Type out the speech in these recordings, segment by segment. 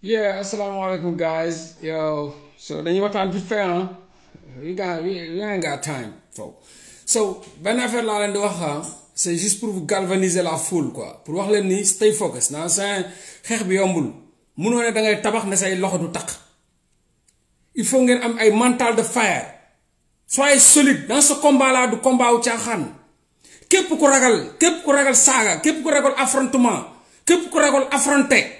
Yeah, assalamualaikum guys. Yo, so then you want vite fait ah. We got we, we ain't got time foofu. So benn affaire laa leen di wax ah. C'est juste pour vous galvaniser la foule quoi. Pour wax leen ni stay focus naa sa xeex bi yombul. Munoo ne da ngay tabax ne say loxo du taq. Il faut ngeen am ay mental de fire. Soyez solide dans ce combat là du combat wu caaxaan. Képp ku ragal képp ku ragal saaga képp ku ragal affrontement képp ku ragal affronté.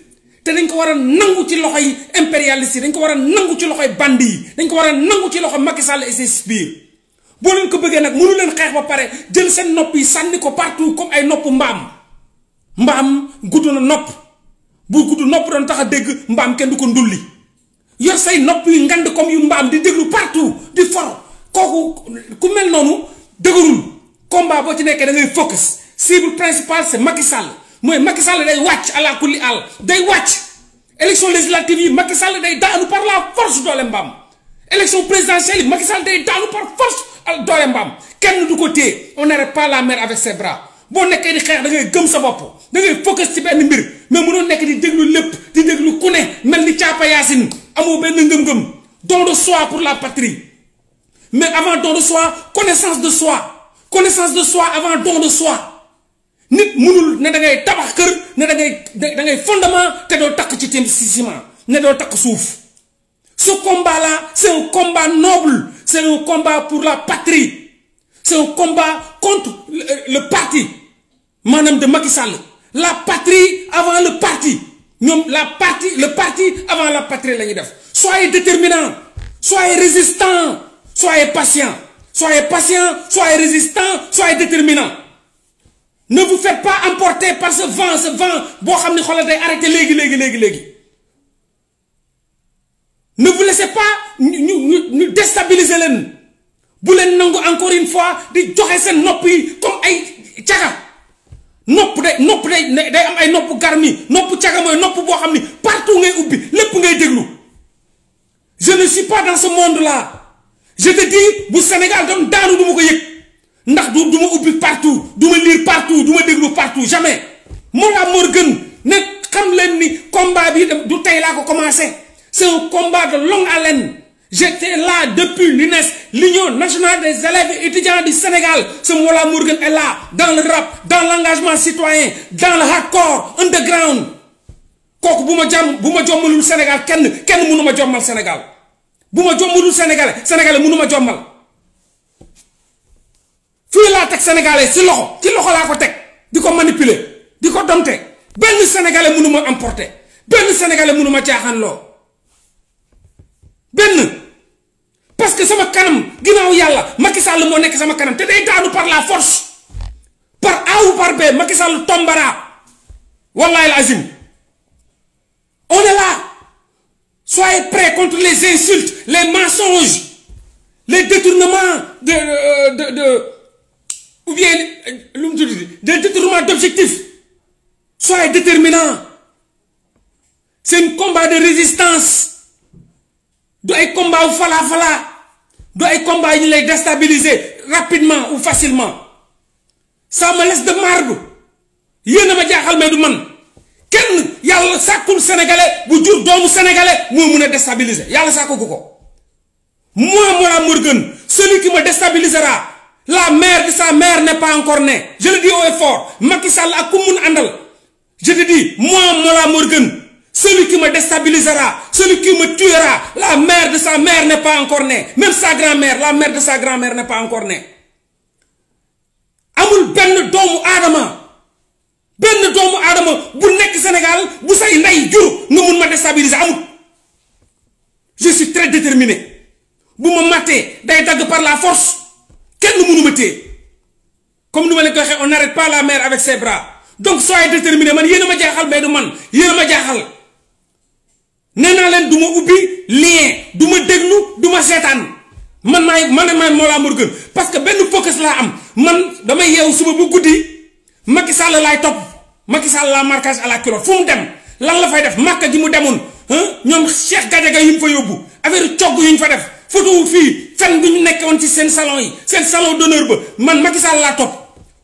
té dañ ko wara a nangu ci loxoy impérialiste dañ ko wara nangu ci loxoy bandi dañ ko wara a nangu ci loxoy Macky Sall et ses sbires bo leen ko bëggé nak mënu leen xex ba paré jël sen nopp yi sànni ko partout comme ay nopp mbam mbam gudd na nopp bu gudd nopp don taxa dégg mbam kenn du ko ndulli yor say nopp yu ngand comme yu mbam di déglu partout di for kooku ku mel noonu dëgërul combat bo ci nekk da ngay focus cible principale c'est Macky Sall moy Macky day wacc ala kulli al, day wacc élection législative Macky day par la force d'Olembam. élection présidentielle Macky Sall day daanu par force d'Olembam. Quel kenn du on n'arrête pas la mer avec ses bras Bon, nekkee di xeex da ngay gëm sa bop da ngay focus ci ben mais di ne des ni Yassine yaasin ben ngëm-ngëm don de soi pour la patrie mais avant don de soi connaissance de soi connaissance de soi avant don de soi ce combat là C'est un combat noble C'est un combat pour la patrie C'est un combat contre le parti Madame de Macky la patrie avant le parti la le parti avant la patrie la soyez déterminant soyez résistant soyez patient soyez patient soyez résistant soyez déterminant ne vous faites pas emporter par ce vent ce vent boo xam ne xoolal day arrêté léegi ne vous laissez pas nous, nous, déstabiliser leen bu leen nangu encore une fois di joxe seen nopi comme ay caga Nopi, day nopi, day day am ay nopi garmi nopi caga mooy nopp boo xam partout ngay ubbi lépp ngay déglu je ne suis pas dans ce monde là je te dis Bou Sénégal doon daanu du ma ndax du du ubbi partout duma lire partout duma ma déglu partout jamais Mollah Morgun ne xam leen ni combat bi du tey laa ko commencé c'est un combat de longue haleine j'étais là depuis l'UNES l'Union nationale des élèves étudiants du Sénégal ce Mollah Morgan est là dans le rap dans l'engagement citoyen dans le hardcore underground kooku bu ma jàmm bu ma jommalul Sénégal kenn kenn mënu ma jommal Sénégal bu ma jommalul Sénégal Sénégal mënu ma jommal fii laa teg sénégalais ci loxo ci loxo laa ko teg di ko manipuler di ko domte benn sénégalais mënu ma emporter benn sénégalais mënu ma caaxaan Ben benn parce que sama kanam ginnaaw yàlla Macky Sall moo nekk sama kanam te day nous par la force par A ou par B Macky Sall tombera wallahi azim on est là soyez prêts contre les insultes les mensonges les détournements de euh, de de ou bien euh, le de détournement d'objectif soyez déterminant combat de résistance Doit ay combat ou falaa doit être ay combat il est déstabilisé rapidement ou facilement ça me laisse de marbre yéen a ma il y a man sac pour le sénégalais bu jur doomu sénégalais est mun a déstabiliser a sàkku ko ko moi la Morgun celui qui me déstabilisera la mère de sa mère n'est pas encore née. Je le dis au effort Andal. Je te dis, moi, Mola Morgan, celui qui me déstabilisera, celui qui me tuera, la mère de sa mère n'est pas encore née. Même sa grand-mère, la mère de sa grand-mère n'est pas encore née. amul suis très déterminé. Je suis vous bu Je Sénégal bu say nga déstabiliser je suis très déterminé Vous me d'ailleurs par la force kenn mënu comme nous on n'arrête pas la mer avec ses bras donc soyez déterminé man yéen a ma jaaxal mais du man yéen a ma jaaxal nee naa lien du ma déglu du man maay man maay Mollah parce que benn focus la am man damay yew suba bu goudi Macky Sall laay top Macky Sall la marquage à la culotte fu dem lan la fay def Makka gi mu demoon hein? ñom Cheikh Gadiaga yim fa yóbbu affaire cogg yuñ fa def photo wu fii fen bi ci seen salon yi seen salon d'honneur ba man Macky Sall la top.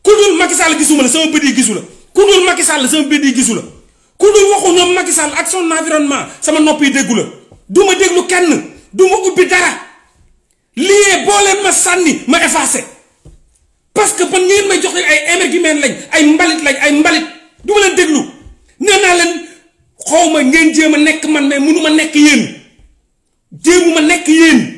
ku Macky Sall gisuma la sama bët yi gisu Macky Sall sama bët yi gisu la waxu ñom Macky Sall ak son environnement sama nopp yi déggu la du ma déglu kenn duma ma ubbi dara Lié bolé ma sanni, ma effacer. parce que ban ñeen may jox ay émergumène lañ ay mbalit lañ ay mbalit Duma leen déglu Néna leen xaw ngeen jéem a nekk man mais mënu ma nekk yéen jéemu ma nekk yéen.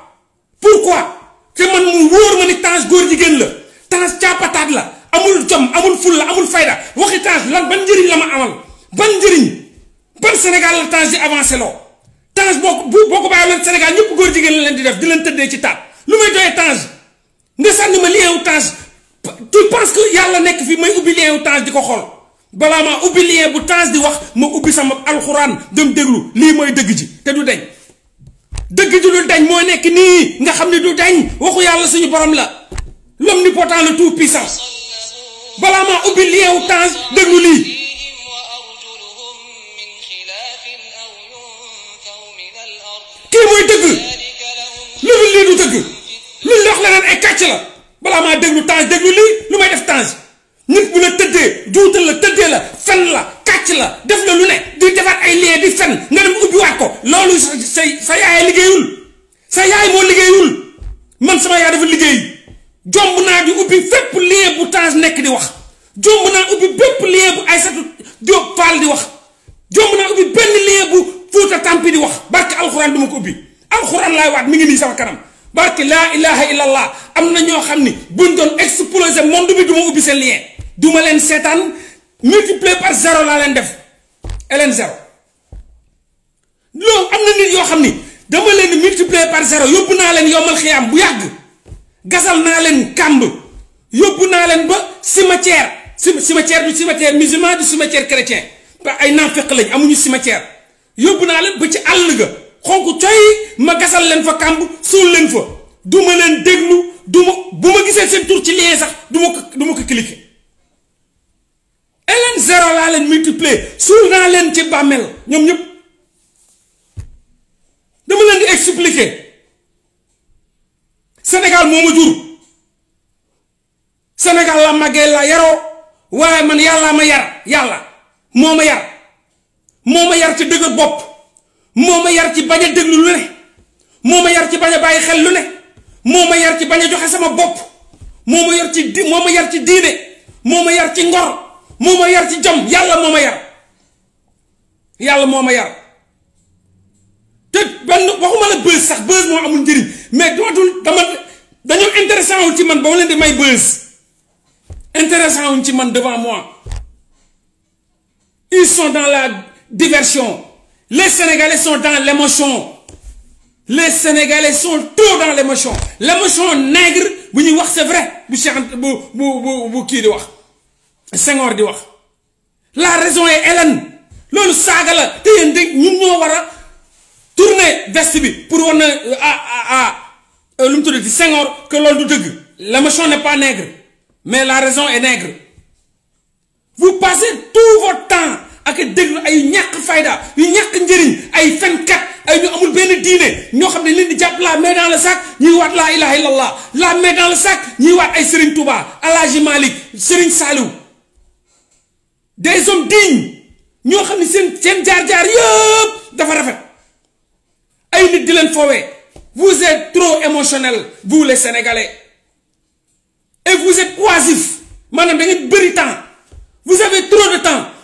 pourquoi te man mu wóor ma ni Tange góor jigéen la Tange caapataat la amul jom amul ful la amul fayda waxi Tange lan ban njëriñ la ma amal ban njëriñ ban Sénégal la Tange di avancé loo boo ko boo ko bàyyiwoon Sénégal ñëpp góor jigéen la leen di def di leen tëddee ci taat lu may doyee Tange nga sànni ma lien wu pa tu penses que yàlla nekk fi may ubbi lien wu Tange di ko xool balaa maa ubbi lien bu Tange di wax ma ubbi sama alxuraan dem déglu lii mooy dëgg ji te du deñ dëgg ji lu dañ moo nekk nii nga xam ne du dañ waxu yàlla suñu borom la l'omnipotent le tout puissant balaa maa ubbi liew temps déglu lii kii mooy dëgg lu dul lii du dëgg lu ñu la naan ay kàcc la balaa maa déglu temps déglu lii lu may def temps nit bu la tëddee juutal la tëddee la fen la kàcc la def la lu ne di defaat ay lee di fen nga dem ubbiwaat ko loolu sa sa yaay liggéeyul sa yaay moo liggéeyul man sama yaay dafa liggéey jomb naa di ubbi fépp lee bu Tange nekk di wax jomb naa ubbi bépp lee bu Aïssatou Diop Fall di wax jomb naa ubbi benn lee bu Fouta Tampi di wax barke alxuraan du ma ko ubbi alxuraan laay waat mi ngi nii sama kanam barke la ilaha illallah amna a ñoo buñ doon exploser monde bi duma ma lien du len leen multiplier par zéro la len def zéro non, amna nit yo xamni dama par zéro yobuna len yomal xiyaam bu yàgg gasal na len dit yobuna len ba cimetière cimetière du cimetière musulman du cimetière chrétien ba ay nafiq lañ amuñu cimetière yobuna len ba ci ga xonk coy ma gasal leen fa kàmb suul leen fa du ma leen déglu duma ma bu ma gisee seen tur ci lien sax duma ma ko du ma ko cliquer elen zéro laa leen multiplier suul naa leen ci bàmmeel ñoom ñépp dama leen di expliquer Sénégal moo ma jur Sénégal la màggee la yaroo waaye man yàllaa ma yar yàlla moo ma yar moo ma yar ci dëgër bopp moo ma yar ci bañ a déglu lu ne moo ma yar ci bañ a bàyyi xel lu ne moo ma yar ci bañ a joxe sama bopp moo ma yar ci di moo ma yar ci diine moo ma yar ci ngor moo ma yar ci jom yàlla moo ma yar yàlla moo ma yar te benn waxuma la bës sax bës moo amul njëriñ mais dootul dama dañoo intéressant wuñ ci man ba leen di may bës intéressant wuñ ci man devant moi ils sont dans la diversion Les Sénégalais sont dans l'émotion. Les Sénégalais sont tous dans l'émotion. L'émotion nègre, vous dites, c'est vrai. Vous qui Senghor di wax la raison est Hélène loolu saaga la te yéen dégg nous ñoo war tournez tourner veste bi pour war euh, à ah ah lu dit. tuddati Senghor que nous du dëgg l'émotion n'est pas nègre mais la raison est nègre vous passez tout votre temps ak a déglu ay ñàkk fayda yu ñàkk njëriñ ay fenkat ay ñu amul benn diine ñoo xam ne leen di jàpp la main dans le sac waat laa ilaha illallah la main dans le waat ay Serigne Touba Alhaji Malick Serigne Saliou des hommes dignes ñoo xam ne seen seen jaar-jaar yëpp dafa rafet ay nit di leen foowee vous êtes trop émotionnel vous les sénégalais et vous êtes maanaam da ngeen bëri temps vous avez trop de temps.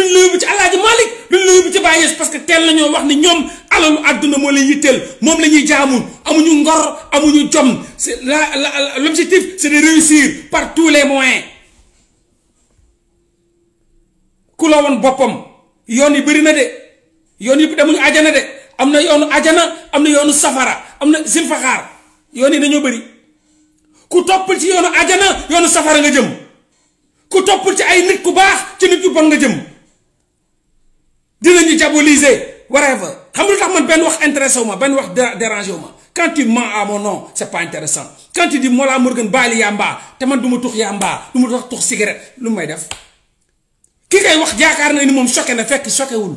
Le nuyu yóbbu ci alaaji malik duñ nuyu yóbbu ci Baye parce que tel lañu wax ni ñom alalu aduna mo lay yitteel mom lañuy ñuy amuñu ngor amuñu jom c'est l'objectif c'est de réussir par tous les moyens ku la woon boppam yoon yi bëri na de yoon yi demuñu ajana de amna yoonu ajana amna yoonu safara amna na silfaxaar yoon yi dañoo bëri ku topul ci yoonu ajana yoonu safara nga jëm ku topul ci ay nit ku baax ci nit yu bon nga jëm dinañu diaboliser whatever xam tu lu tax man benn wax intéressé ben ma wax dérangé quand tu mens à mon nom c'est pas intéressant quand tu dis Mollah Morgun baali yàmbaa te man du ma tux yàmbaa du ma tax tux cigarette lu may def ki ngay wax jaakaar na ni moom choqué na fekk choqué wul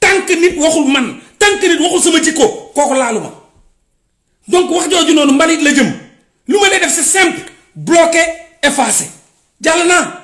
tant que nit waxul man tant que nit waxul sama jikko quoi que l'alouma. donc wax jooju noonu mbalit la jëm lu ma def c'est simple bloquer, effacer. jàll naa.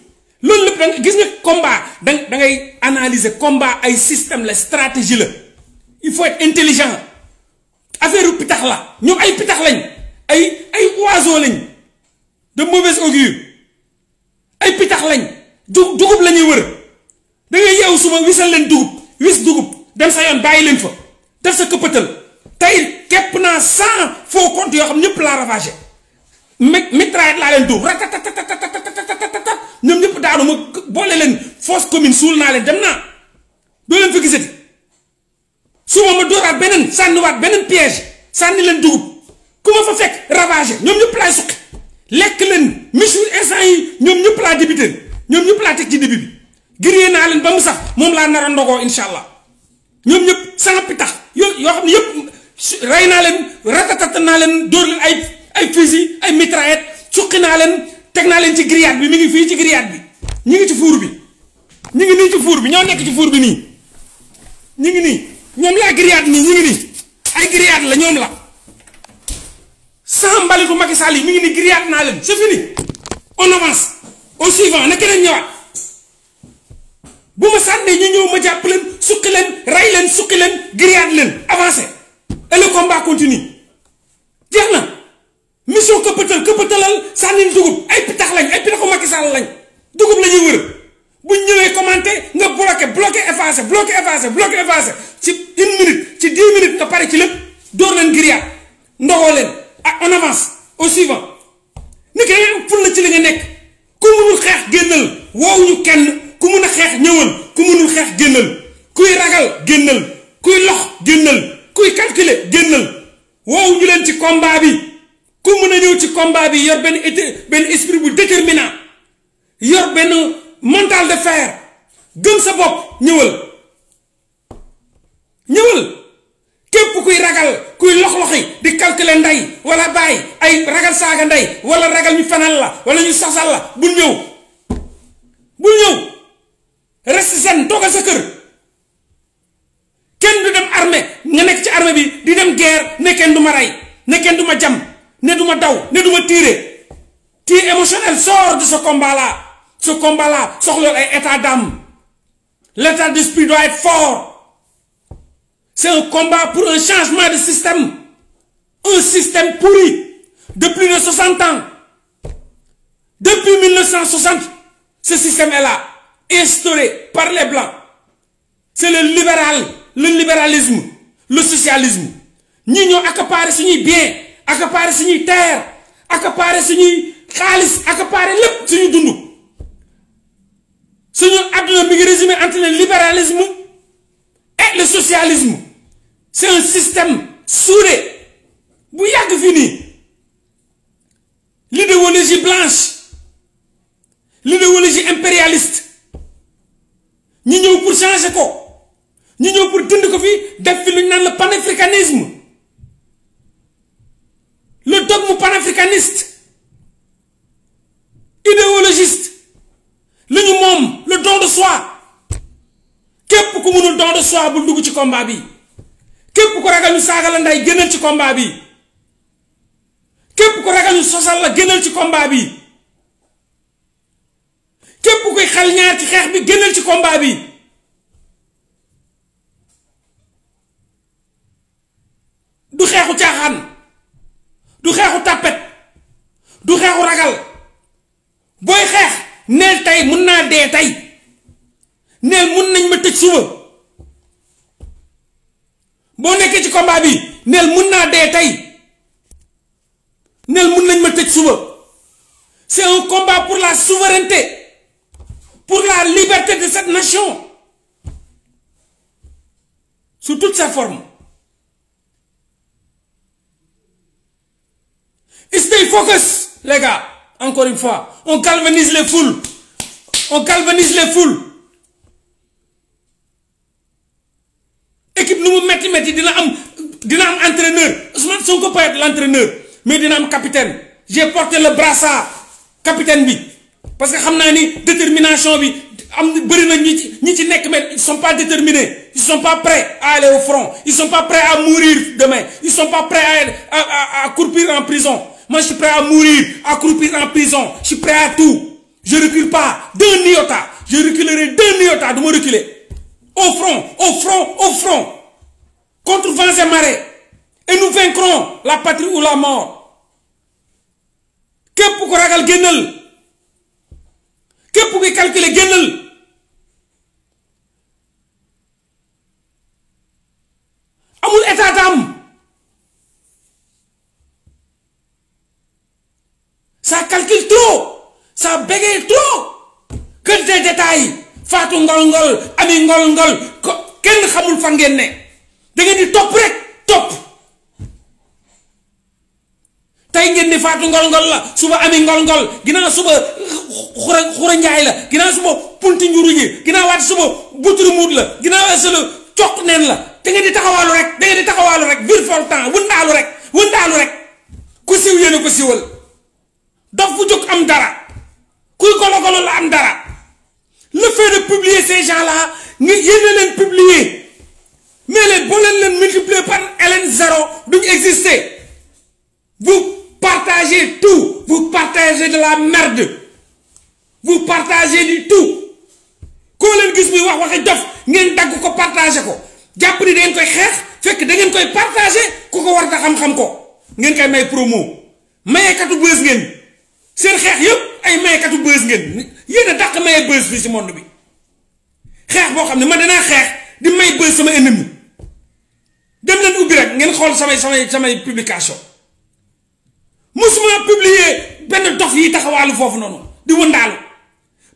loolu combat da da combat ay système la stratégie il faut être intelligent affaire pitax la ñoom ay pitax lañ ay ay oiseau lañ de mauvaise augure ay pitax lañ dugub la ñuy wër da ngay suma wisal leen dugub wis dugub dem sa yoon bàyyi leen fa def sa këppatal tey kepp naa cent faux comptes yoo xam mitraillette laa leen dóor ratatatatatatatat ñoom ñëpp daanu ma boole leen fosse commune suul naa leen dem naa doo leen fa gisati suba ma dóoraat beneen sànniwaat beneen piège sànni leen dugub ku ma fa fekk ravagé ñoom ñëpp laay suqi lekk leen monsieur instant yi ñoom ñëpp laa débuté ñoom ñëpp laa teg ci début bi giree naa leen ba mu sax moom laa nar a ndogoo incha allah ñoom ñëpp sans pitax yoo yoo xam ne yëpp rey naa leen ratatata ay fusil ay mitraillette suqi naa leen teg naa leen ci grillade bi mi ngi fii ci grillade bi ñu ngi ci fuur bi ñu ngi nii ci fuur bi ñoo nekk ci fuur bi nii ñu ngi nii ñoom laa grillade nii ñu ngi nii ay grillade la ñoom la sans mbalitu Macky Sall yi mi ngi nii grillade naa leen c'est fini on avance au suivant na keneen ñëwaat bu ma sànnee ñu ñëw ma jàpp leen suqi leen rey leen suqi leen grillade leen avancé et le combat continue jeex na mission këppatal këppatalal sànnil dugub ay pitax lañ ay pitaxu Macky Sall lañ dugub la wër bu ñëwé commenter nga bloqué bloqué effacer bloqué effacer bloqué effacer ci 1 minute ci 10 minutes nga paré ci lépp door leen giriyaat ndoxoo leen ak ah, on avance au suivant ni ki dangay am ful la ci li nga nekk ku mënul xex gënal woow ñu kenn ku mëna xex ñëwul ku mënul xex gënal kuy ragal gënal kuy lox gënal kuy calculer gënal woow ñu leen ci combat bi ku mën a ñëw ci combat bi yor benn benn esprit bu déterminant yor benn mental de fer gëm sa bopp ñëwal ñëwal képp kuy ragal kuy lox-loxi di calculer ndey wala bàyyi ay ragal saaga ndey wala ragal ñu fanal la wala ñu sasal la bul ñëw bul ñëw reste zen toogal sa kër kenn du dem armée nga nekk ci armée bi di dem guerre ne kenn du ma rey ne kenn du ma jam ne duma daw ne duma tirer tu émotionnel sort de ce combat là ce combat là soxlo ay état d'âme l'état d'esprit doit être fort c'est un combat pour un changement de système un système pourri Depuis plus 60 ans depuis 1960 ce système est là instauré par les blancs c'est le libéral le libéralisme le socialisme ñi ñoo accaparer suñuy bien accaparer la terre accaparer suñuy xaalis accaparer lepp suñu dund suñu àdduna mi ngi résumé entre le libéralisme et le socialisme c'est un système soudé bu yag fini l'idéologie blanche l'idéologie impérialiste ñi ñëw pour changer ko ñi ñëw pour dund ko fi def fi luñ le panafricanisme panafricaniste idéologiste li ñu moom le don de soi képp ku mënul don de bul dugg ci combat bi képp ku ragal ñu saaga la nday génnal ci combat bi képp ku ragal ñu sosal la génnal ci combat bi képp kuy xel ñaar ci xeex bi génnal ci combat bi tay tey ne mun nañ ma tëj suba boo nekkee ci combat bi neel mun naa dee tey neel mun nañ ma tëj suba c'est un combat pour la souveraineté pour la liberté de cette nation sous toute sa forme stay focus les gars encore une fois on calvinise les foules on galvanise les foules équipe nous mu metti metti dina am dina am entraîneur Ousmane Sonko peut être l'entraîneur mais dina am capitaine j'ai porté le brassard capitaine bi parce que xam ni détermination bi am ne ils sont pas déterminés ils sont pas prêts à aller au front ils sont pas prêts à mourir demain ils sont pas prêts à à à à en prison moi je suis prêt à mourir à courir en prison je suis prêt à tout. Je ne recule pas Deux niotas. Je reculerai deux nyotas de me reculer. Au front, au front, au front. Contre vents et Et nous vaincrons la patrie ou la mort. Que képp ku ragal Que Que je calculer génnal amul état d'âme ça calcule ça bégaye trop que des détails faatu ngol-ngol ami ngol-ngol ko kenn xamul fan ngeen ne da di topp rek topp tey ngeen di faatu ngol-ngol la suba ami ngol-ngol ginnaaw suba xura xura njaay la ginnaaw suba punti njuru ji ginnaaw waat suba buturu muut la ginnaaw waat suba coq neen la da ngeen di taxawaalu rek da ngeen di taxawaalu rek vir for temps rek wëndaalu rek ku siw yéen a siwal dof bu jóg am dara. Le fait de publier ces gens-là, ils ne les publier. Mais les bonnes les multiplier par LN0, donc existez. Vous partagez tout. Vous partagez de la merde. Vous partagez du tout. Quand les gens vous voient, vous voyez, vous voyez, partagez. Vous avez pris des choses, vous avez pris partagez, vous avez des choses. Vous avez des promos. Vous avez pris des choses. C'est le choses. ay maykatu bës ngeen yéen a dàq bës fii si monde bi xeex boo xam ne ma danaa xeex di may bës sama ennemi dem leen ubbi rek ngeen xool samay samay samay publication musuma publier benn dof yi taxawaalu foofu noonu di wëndaalu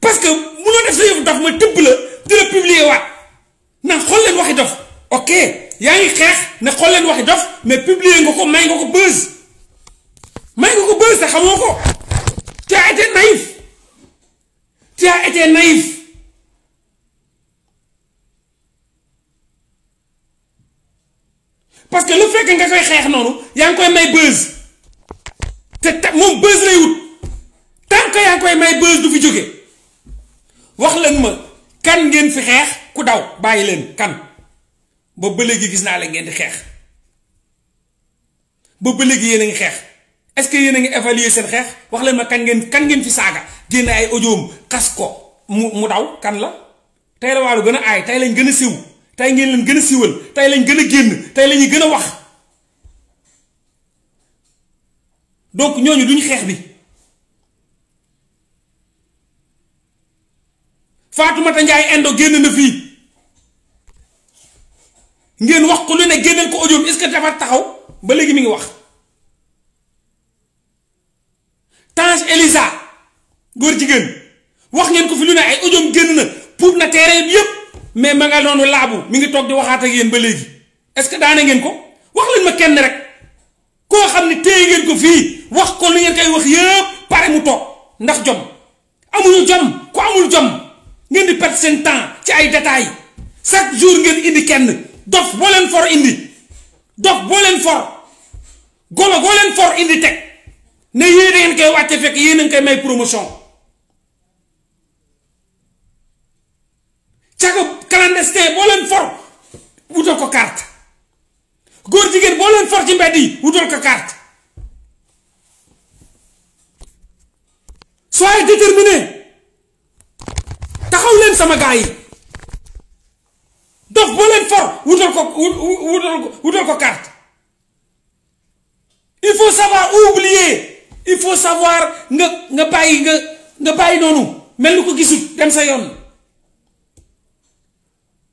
parce que munoo def sa yëfu dof ma tëb la di la publier waat xool leen waxi dof ok yaa ngi xeex ne xool leen waxi dof mais publier nga ko may nga ko bës may nga ko bës te xamoo ko. Tu as été naïf. Tu as été que lu fekk nga koy xeex noonu yaa ngi koy may buzz te ta moom buzz lay wut tant que yaa ngi koy may buzz du fi jóge wax leen ma kan ngeen fi xeex ku daw bàyyi leen kan ba ba léegi gis naa la ngeen di xeex ba ba léegi yéen ngi xeex. est-ce que yéen a ngi évaluer seen xeex wax leen ma kan ngeen kan ngeen fi saaga génne ay audioom xas ko mu mu daw kan la tey la waalu gën a aay tey lañ gën a siiw tey ngeen leen gën a siiwal tey lañ gën a génn tey la ñuy gën a wax donc ñooñu duñ xeex bi Fatoumata Ndiaye Endo génn na fii ngeen wax ko lu ne génneel ko audioom est-ce que dafa taxaw ba léegi mi ngi wax Tange Elisa góor jigéen wax ngeen ko fi lu ne ay audiom génn na puub na terrain bi yëpp mais ma nga noonu laabu mi ngi toog di waxaat ak ba léegi est-ce que daane ngeen ko wax leen ma kenn rek koo xam ne téye ngeen ko fii wax ko lu ngeen koy wax yëpp pare mu toog ndax jom amuñu jom ku amul jom ngeen di perdre seen temps ci ay détails chaque jour ngeen indi kenn dof boo leen for indi dof boo leen for golo boo leen for indi teg ne yéen ngeen koy wàcce fekk yéen a ngi koy may promotion caga clandestin boo leen for wutal ko carte góor jigéen boo leen for ci mbedd yi wutal ko carte soyez déterminé taxaw leen sama gars yi dof boo leen for wutal ko wutal ko wutal il faut savoir oublier il faut savoir nga nga bàyyi nga nga bàyyi noonu mel ni ko gisut dem sa yoon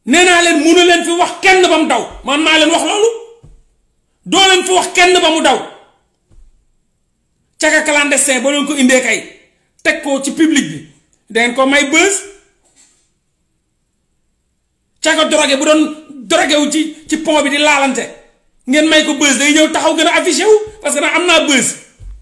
nee naa leen mënu leen fi wax kenn ba mu daw man maa leen wax loolu doo leen fi wax kenn ba mu daw caga clandestin ba leen ko indee kay teg ko ci public bi dangeen ko may bës caga drogué bu doon drogué wu ci ci pont bi di laalante ngeen may ko bës day ñëw taxaw gën a affiché wu parce que nag am naa bës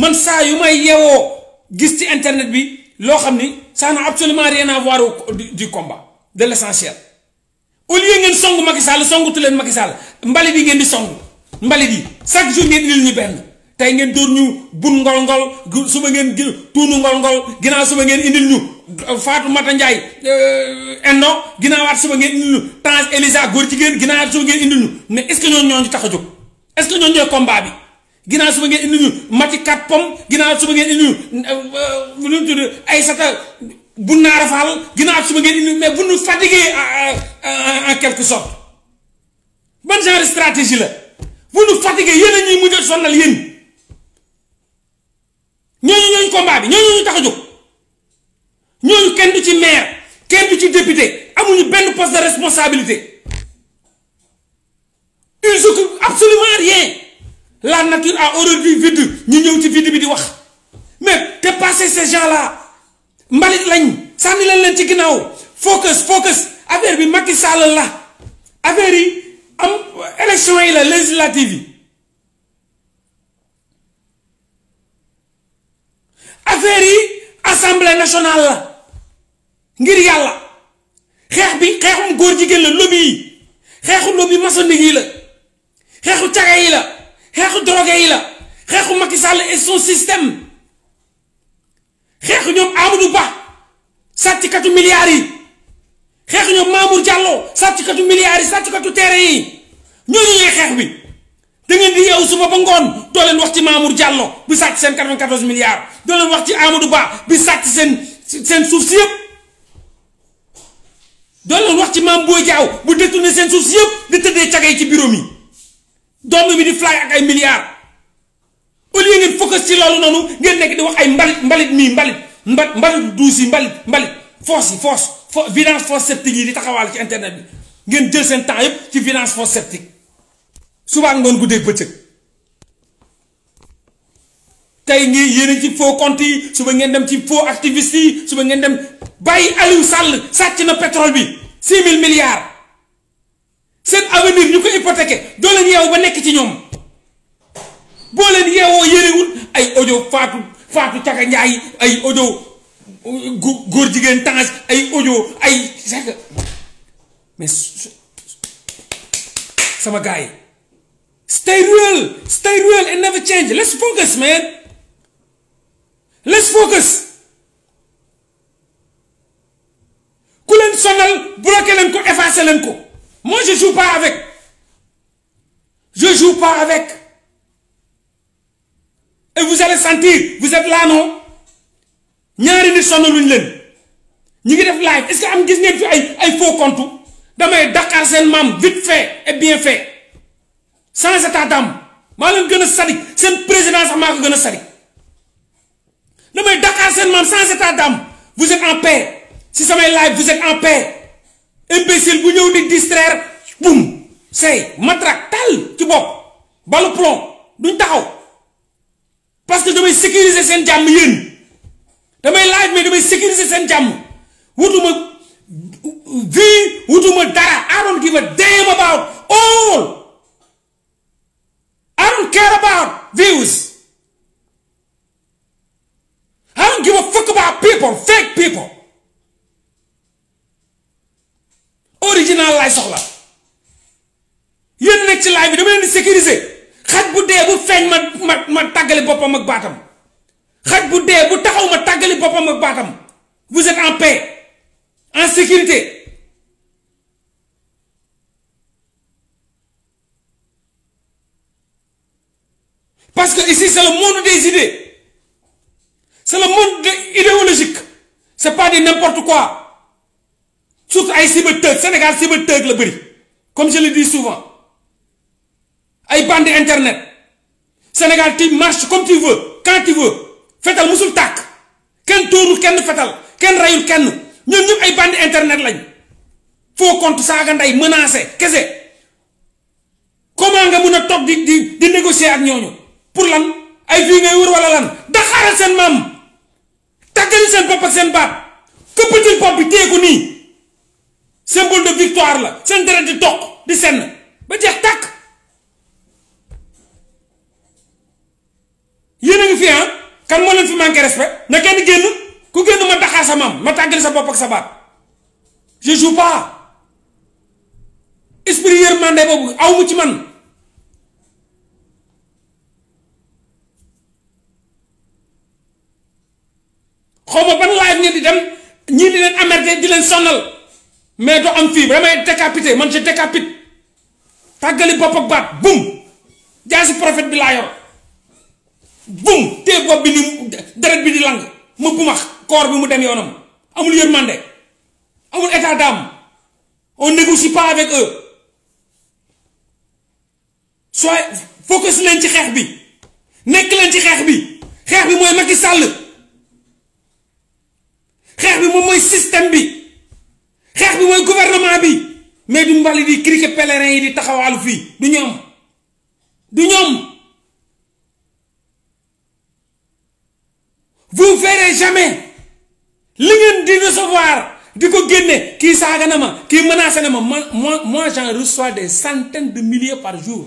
man saa yu may yeewoo gis ci internet bi loo xam ni ça n'a absolument rien à voir du combat de l' essentiel au lieu ngeen song Macky Sall leen Macky Sall mbalit yi ngeen di song mbalit yi chaque jour ngeen indil ñu benn tey ngeen dóor ñu bun ngol-ngol suba ngeen tuunu ngol-ngol ginnaaw suba ngeen indil ñu euh, Fatou Mata Ndiaye indo euh, ginnaawaat suba ngeen indil ñu Tange Elisa góor jigéen ginnaawaat suba ngeen indil ñu mais est ce que ñooñu ñoo ñu tax a jóg est ce ginnaaw suba ngeen indi ñu Mati Kat Pom ginnaaw suba ngeen indi ñu euh, euh, lu ñu tudd Aïssata Boun Nara Fall ginnaaw suba ngeen indi mais bu ñu fatigué euh, en quelque sorte ban genre stratégie la bu ñu fatigué yéen a ñuy mujj sonnal yéen ñooñu ñooñu combat bi ñooñu ñu tax a jóg ñooñu kenn du ci maire kenn du ci député amuñu benn poste de responsabilité ils occupent absolument rien la nature a horreur du vide ñu ñëw ci vide bi di wax mais dépasser ces gens là mbalit lañ ça leen leen ci ginnaaw focus focus affaire bi Macky Sall affaire yi élection yi la législative yi affaire yi assemblée nationale la ngir yàlla xeex bi lobby yi lobby maçonnique yi la xeexu yi xeexu drogué yi la xeexu Macky Sall et son système xeexu ñoom Amadou Ba sàcckatu milliards yi xeexu ñoom Mamour Diallo sàcckatu milliards yi sàcckatu terrain yi ñooñu xeex bi da ngeen di yeewu suba ba ngoon doo leen wax ci Mamour Diallo bi sàcc seen 94 milliards doo leen wax ci Amadou Ba bi sàcc seen seen suuf si yëpp. doo leen wax ci Mame Boye jaaw bu détourné seen suuf si yëpp di tëddee cagay ci bureau yi doom bi di fly ak ay milliards au lieu ngeen focus ci loolu noonu ngeen nekk di wax ay mbalit mbalit mii mbalit mba mbalit duus yi mbalit mbalit force yi force fo vidange force septique yi di taxawaal ci internet bi ngeen jël seen temps yëpp ci finance force septique suba ak ngoon guddee bëccëg tey ngi yéen ci faux compte yi suba ngeen dem ci faux activiste yi suba ngeen dem bàyyi Aliou sàll sàcc na pétrole bi six mille milliards. seen avenir ñu ko hypothéqué doo leen yeewu ba nekk ci ñoom boo leen yeewoo yërewul ay audio faatu faatu caka ay audio góor jigéen tange ay audio ay caka mais sama gars yi stay real stay real and never change let's focus man let's focus ku leen sonal bloqué leen ko effacé leen ko Moi, je joue pas avec. Je joue pas avec. Et vous allez sentir, vous êtes là, non ñaari ni sonnaluñ len ñi ngi def live est-ce que am gis ngeen fi ay ay faux compte damay dakar sen mam vite fait et bien fait sans état d'âme ma leen gëna sadik président sax maa ko le sadik damay sans état d'âme vous êtes en paix si sama live vous êtes en paix imbécile bu ñëw di distraire boum say matraque tal ci bopp balu plomb duñ taxaw parce que damay sécuriser seen jàmm yéen damay laaj mais damay sécuriser seen jàmm wutuma vie wutuma dara I don't give a damn about all I don't care about views I don't give a fuck about people fake people original laay soxla qui nekk ci laay bi dama len di sécuriser xat bu dee bu feeñ ma ma ma tàggali ak batam xat bu dee bu taxaw ma tagali bopam ak batam vous êtes en paix en sécurité Parce que ici, c'est le monde des idées. C'est le monde idéologique. C'est pas de n'importe quoi surtout ay cyber thug Sénégal cyber thug la bëri comme je le dis souvent ay bandi internet Sénégal tu marches comme tu veux quand tu veux fetal musul tàkk Quel tour, kenn fetal kenn rayul, kenn ñoom ñëpp ay bandi internet lañ faux compte saaga ndey menacé kese comment nga mun a toog di di de négocier ak ñooñu pour lan ay fii ngay wër wala lan daxaaral seen maam tàggali seen bopp ak seen baat këppatil bopp bi téye ko nii. symbole de victoire la seen deret di toq di senn ba jeex tak yene ngi fi ah kan mo len fi manqué respect na kenn genn ku genn ma taxa sa mam ma tagal sa bop ak sa bat je joue pas esprit yërmande mandé bobu mu ci man xaw ban live ngeen di dem ñi di leen amerte di leen sonal mais do am fibre damay décapité man je décapite tagali bop ak bat boum jaasu prophète bi la yor boum té bop bi ni dérèt bi di lang ma bumax koor bi mu dem yonam amul yërmande amul état d'âme on négocie pas avec eux soit focus len ci xex bi nek len ci xex bi xex bi moy Macky xex bi moom moy système bi xeex bi moy gouvernement bi mais du mbalit yi criquet pèlerin yi di taxawaalu fi du ñom du ñom vous verrez jamais li ngeen di recevoir diko guenné ki sagana ma ki menacé na ma moi moi j'en reçois des centaines de milliers par jour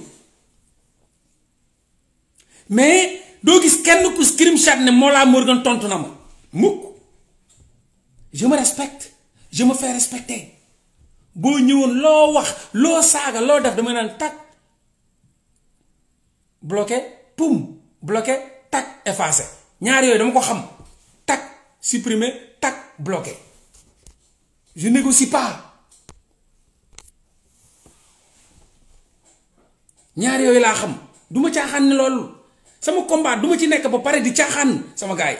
mais do gis kenn ku screenshot ne Mollah Morgun tontu na ma mukk je me respecte je me fais respecter boo ñëwoon loo wax lo pas, je dama bloqué poum bloqué tac, effacé ñaar yoy dama ko xam Tac, supprimer tac, bloqué je négocie pas ñaar yoy la xam duma ne sama combat duma ci nek ba paré di caaxaan sama gars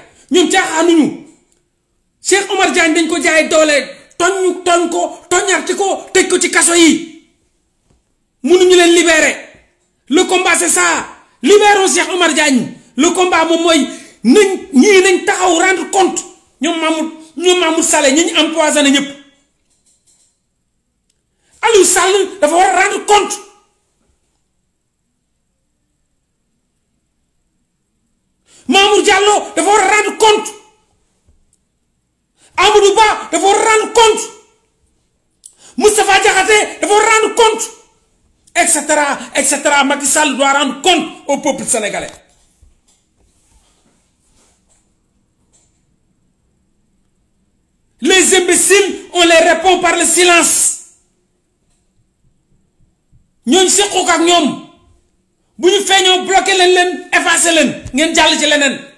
Cheikh Omar Diagne dañ ko jaay toññu toñ ko toñarti ko teg ko ci kaso yi mënuñu leen libérer le combat c'est ça libérons Cheikh Omar Diagne le combat moom mooy nañ ñii nañ taxaw rendre compte ñoom Mahmoud ñoom Mahmoud Saleh ñi ñu empoisonné ñëpp Aliou Sall dafa war a rendre dafa war a rendre compte. Amadou il faut rendre compte Moustapha il faut rendre compte Etc. etc. doit rendre compte au peuple sénégalais. Les imbéciles, on les répond par le silence. ñooñu seqoo ak nous bu bloquer les bloquer les les effacer leen ngeen pas les gens.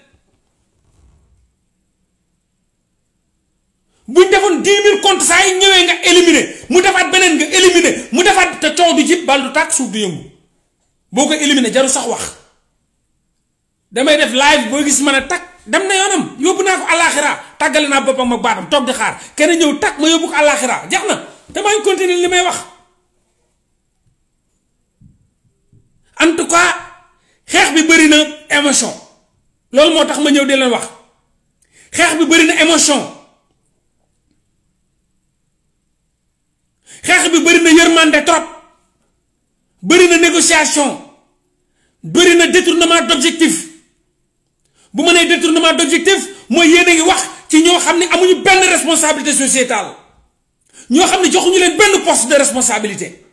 buñ defoon dix mille saa yi ñëwee nga éliminer mu defaat beneen nga éliminer mu defaat te coow du jib bal du tàkk suuf du yëngu boo ko éliminer jaru sax wax damay def live boo gis mën a takk dem na yoonam yóbbu naa ko àllaaxira tàggale naa boppam ak baatam toog di xaar kenn ñëw takk ma yóbbu ko àllaaxira jeex na te maa continuer li may wax en tout xeex bi bëri na émotion loolu moo tax ma ñëw di leen wax xeex bi bëri na émotion. xex bi bari na trop na négociation bari na détournement d'objectif bu détournement d'objectif wax responsabilité sociétale poste de responsabilité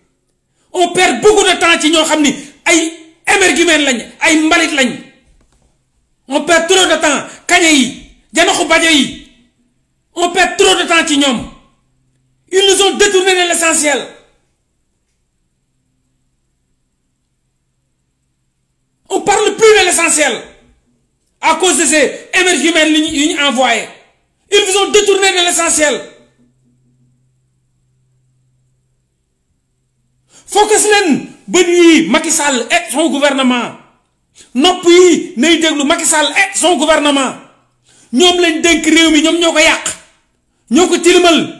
on perd beaucoup de temps ci ay on perd trop de temps on perd trop de temps ci ils nous ont détourné de l'essentiel. On parle plus de l'essentiel à cause de ces énergies humaines qu'ils nous Ils vous ont détourné de l'essentiel. Focus ce bët Macky Sall et son gouvernement Non plus nay Macky Sall et son gouvernement qui lañ dénk réew mi sommes les gens qui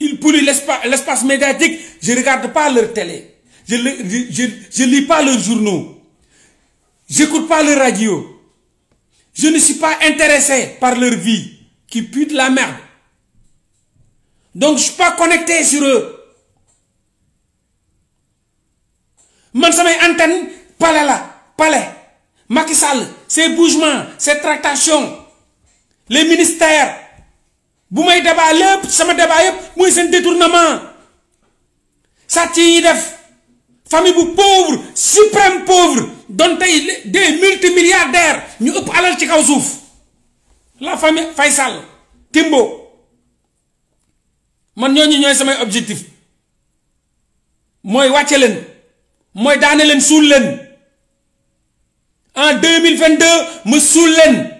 Ils polluent l'espace médiatique. Je ne regarde pas leur télé. Je ne lis pas leurs journaux. J'écoute pas leur radio. Je ne suis pas intéressé par leur vie qui pue de la merde. Donc je ne suis pas connecté sur eux. man samay antenne palais là, palais Macky Sall Ces bougements ces tractations les ministères bu may débat lépp sama débat yëpp muy seen détournement sàcc yi def famille bu pauvre suprême pauvre doon tey des multimilliardaires ñu ëpp alal ci kaw suuf la famille Faysal Timbo man ñooñu ñooy samay objectif mooy wàcce leen mooy daane leen suul leen en deux mille vingt deux ma suul leen.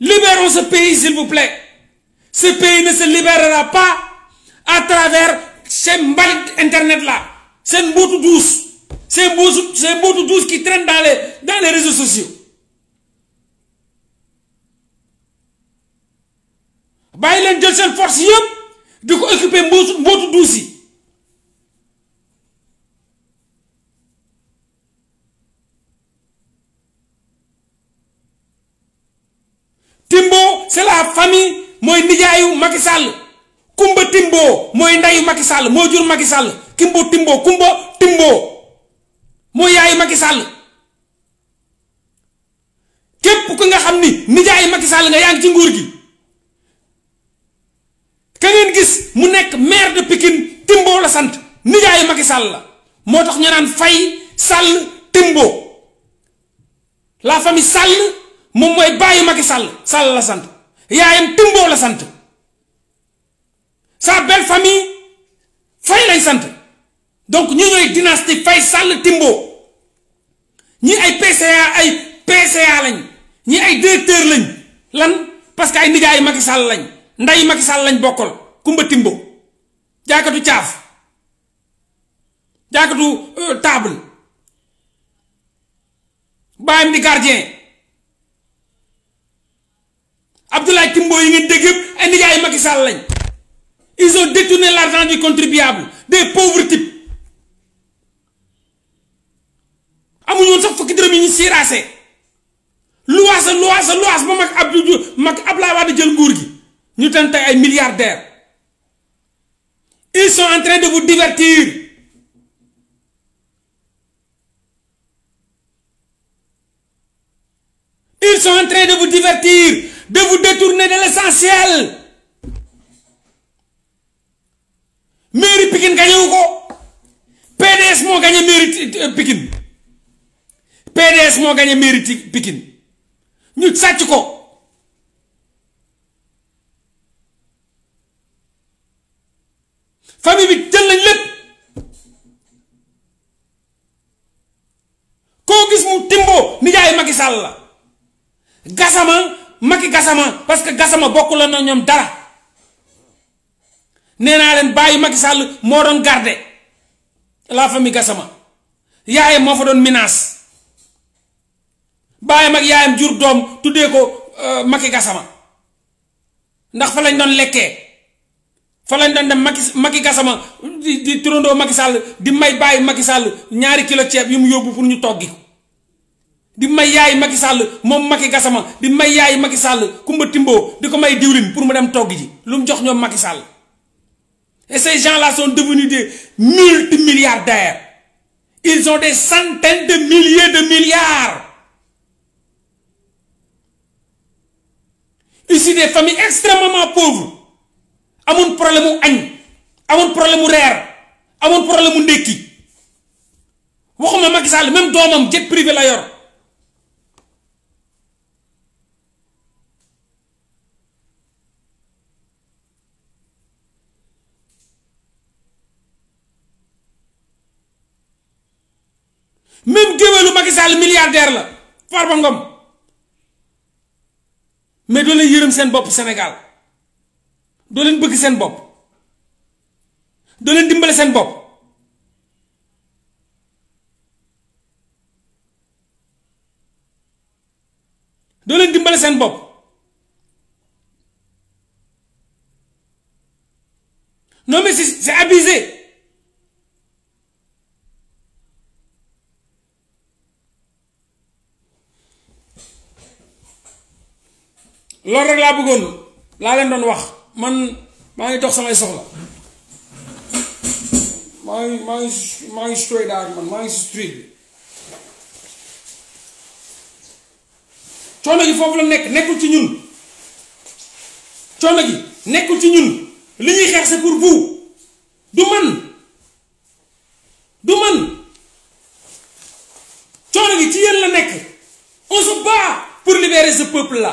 Libérons ce pays, s'il vous plaît. Ce pays ne se libérera pas à travers ces mal Internet-là. C'est une boutte douce. C'est une boutte douce qui traîne dans les, réseaux sociaux. il y jël une force de occuper une boutte douce Timbo c'est la famille moy nijaayu Macky Sall Kumba Timbo moy ndayu Macky Sall mo jur Macky Sall Kimbo Timbo Kumba Timbo moy yaayu Macky Sall kep ku nga xamni ni nijaayu Macky Sall nga yaa ci nguur gi kenen gis mu nek maire de Pikine Timbo la sante nijaayu Macky Sall nyaran ñaan fay Sall Timbo la famille Sall moom mooy bàyyi Macky Sall Sall la sant yaayam Timbo la sant sa belle famille Faye lañ sant donc ñu ñooy dynastie Faye Sall Timbo ñi ay PCA ay PCA lañ ñi ay directeur lañ lan parce que ay nijaayu Macky Sall lañ nday mag sàll lañ bokkal Kumba Timbo jaakatu caaf jaakatu euh, table bàyyam di gardien Abdoulaye Timbo yi ngeen dégg et ay nijaay Macky Sall lañ ils ont détourné l'argent du contribuable des pauvres types amuñu woon sax fukki dërëm yi ñu siiraase luwaasa luwaasa luwaas ba mag Abdou Diouf mag Abdoulaye Wade jël nguur gi ñu ay milliardaires ils sont en train de vous divertir ils sont en train de vous divertir de vous détourner de l'essentiel mairie Pikine gagne ko PDS m'a gagné mairie Pikine PDS moo gagné mairie Pikine ñu sàcc ko famille bi gis mu Macky Gassama parce que Gassama la na ñoom dara nee naa leen bàyyi Macky sàll moo doon garde la famille gasama yaayam moo fa doon menace bàyyam ak yaayam jur doom tuddee ko euh, Macky Gassama ndax fa lañ doon lekkee fa lañ doon dem Macky Macky Gassama di di turandoo sàll di may bàyyi Macky sàll ñaari kilo ceeb yi mu yóbbu pour ñu toggi di may yaay Macky Sall moom Macky Gassama di may yaay Macky Sall Kumba Timbo di ko may diwlin pour mu dem togg ji lum jox ñom Macky et ces gens-là sont devenus des multimilliardaires ils ont des centaines de milliers de milliards ici des familles extrêmement pauvres amoon problème un añ problème rare, reer problème mu waxuma Macky Sall même domam jet privé la yor même géwélu Macky Sall milliardaire la Farba Ngom mais doo leen yërëm seen bopp Sénégal doo leen bëgg seen bopp doo leen dimbale seen bopp doo leen dimbale seen bopp non mais c'est abusé loolu rek laa bëggoon laa leen wax man maa dox samay soxla straight street gi la nekk nekkul ci ñun gi c'est pour vous du man du man coono gi ci la on se bat pour libérer ce peuple là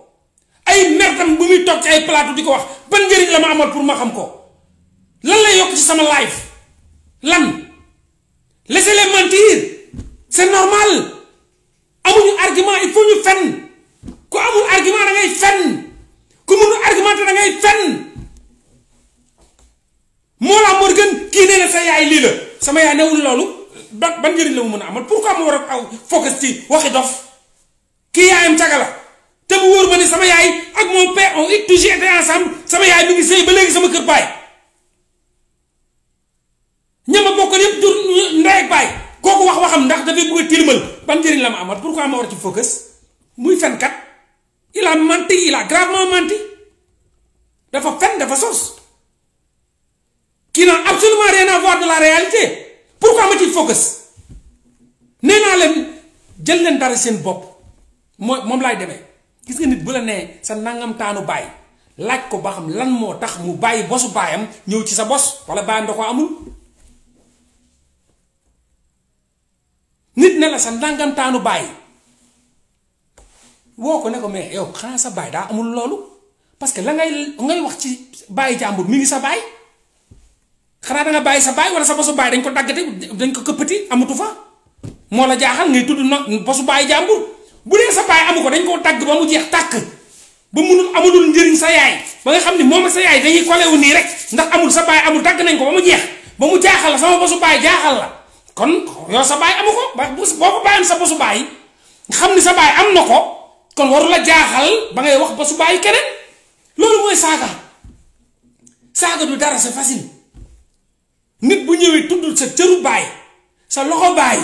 ay mertam bu muy tok ci ay plateau di wax ban la ma amal pour ma xam ko lan lay yok ci sama life lan laissez les mentir c'est normal amuñu argument il faut ñu fenn ku amul argument da ngay fenn ku mënu argument da ngay fenn mo la gën sa yaay li la sama yaay newul lolu ban ban la mu mëna amal pourquoi mo wara focus ci waxi dof ki yaayam te mu wóor ma ne sama yaay ak mon père on est toujours été ensemble sama yaay mi ngi sëy ba léegi sama kër baay ña ma bokkoon yëpp jur ndey ak baay kooku wax waxam ndax dafay bëgg a tilimal ban njëriñ la ma amat pourquoi ma war ci focus muy fenkat il a menti il a gravement menti dafa fen dafa sos qui n'a absolument rien de la réalité pourquoi ma ciy focus nee leen jël leen dara seen bopp mooy moom laay demee. gis nga nit bu la nee sa nangam taanu baay laaj ko ba xam lan moo tax mu bàyyi bosu baayam ñëw ci sa bos wala baayam da amul nit ne la sa baay woo ko ne ko mais yow xanaa sa baay amul loolu parce que la ngay ngay wax ci bàyyi jàmbur mi ngi sa baay xanaa da nga bàyyi sa baay wala sa bosu baay dañ ko daggate dañ ko këppati amatu fa moo la jaaxal ngay tudd na bosu baay jàmbur bu dee sa baay amu ko dañ koo tàgg ba mu jeex tàkk ba munul amulul njëriñ sa yaay ba nga xam ne moom ak sa yaay dañuy kolewu nii rek ndax amul sa baay amul tàgg nañ ko ba mu jeex ba mu jaaxal la sama bosu baay jaaxal la kon yow sa baay ba boo ko bàyyoon sa bosu baay xam ne sa am na ko kon waru la jaaxal ba ngay wax bosu baay keneen loolu mooy saaga saaga du dara c'est facile nit bu ñëwee tuddul sa cëru baay sa loxo baay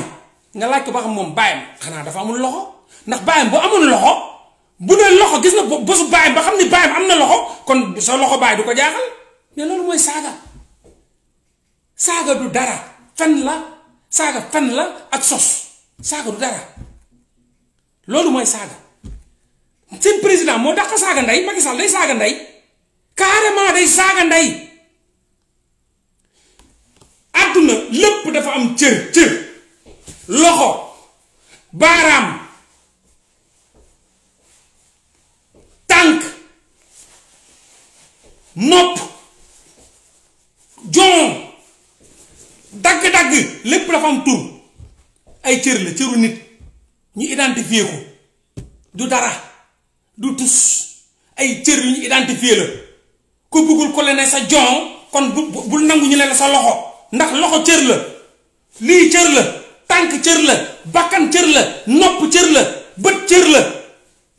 nga laaj ko ba xam moom baayam xanaa dafa amul loxo. ndax baayam bu amul loxo bu ne loxo gis na bésu baayam ba xam ni baayam am na loxo kon sa loxo baay du ko jaaxal mais loolu mooy saaga saaga du dara fen la saaga fen la ak sos saaga du dara loolu mooy saaga seen président moo dàq saaga ndey Macky day saaga ndey carrément day saaga ndey àdduna lépp dafa am cër cër loxo baaraam tànk nopp jon dagg-dagg lépp dafa am tur ay cër la cëru nit ñu identifié ko du dara du tus ay cër yu ñu identifié la ku bëggul ko le ne sa jon kon bu bul nangu ñu ne sa loxo ndax loxo cër la lii cër la tànk cër la bakkan cër la nopp cër la bët cër la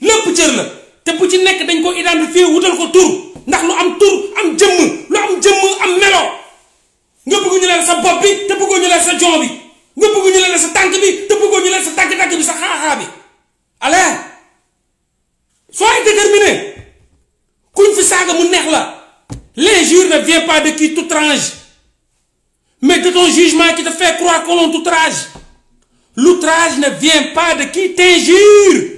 lëpp cër la te bu ci nek dañ ko identifier wutal ko tour ndax lu am tour am jëm lu am jëm am melo nga bëgg ñu leen sa bopp bi te bëggoo ñu leen sa jon bi nga bëgg ñu leen sa tank bi te bëggoo ñu leen sa tànk-tànk bi sa xaaxaa bi alors soyez déterminé kuñ fi saga mu neex la l'injure ne vient pas de qui t'outrage mais de ton jugement qui te fait croire qu'on l'on t'outrage l'outrage ne vient pas de qui t'injure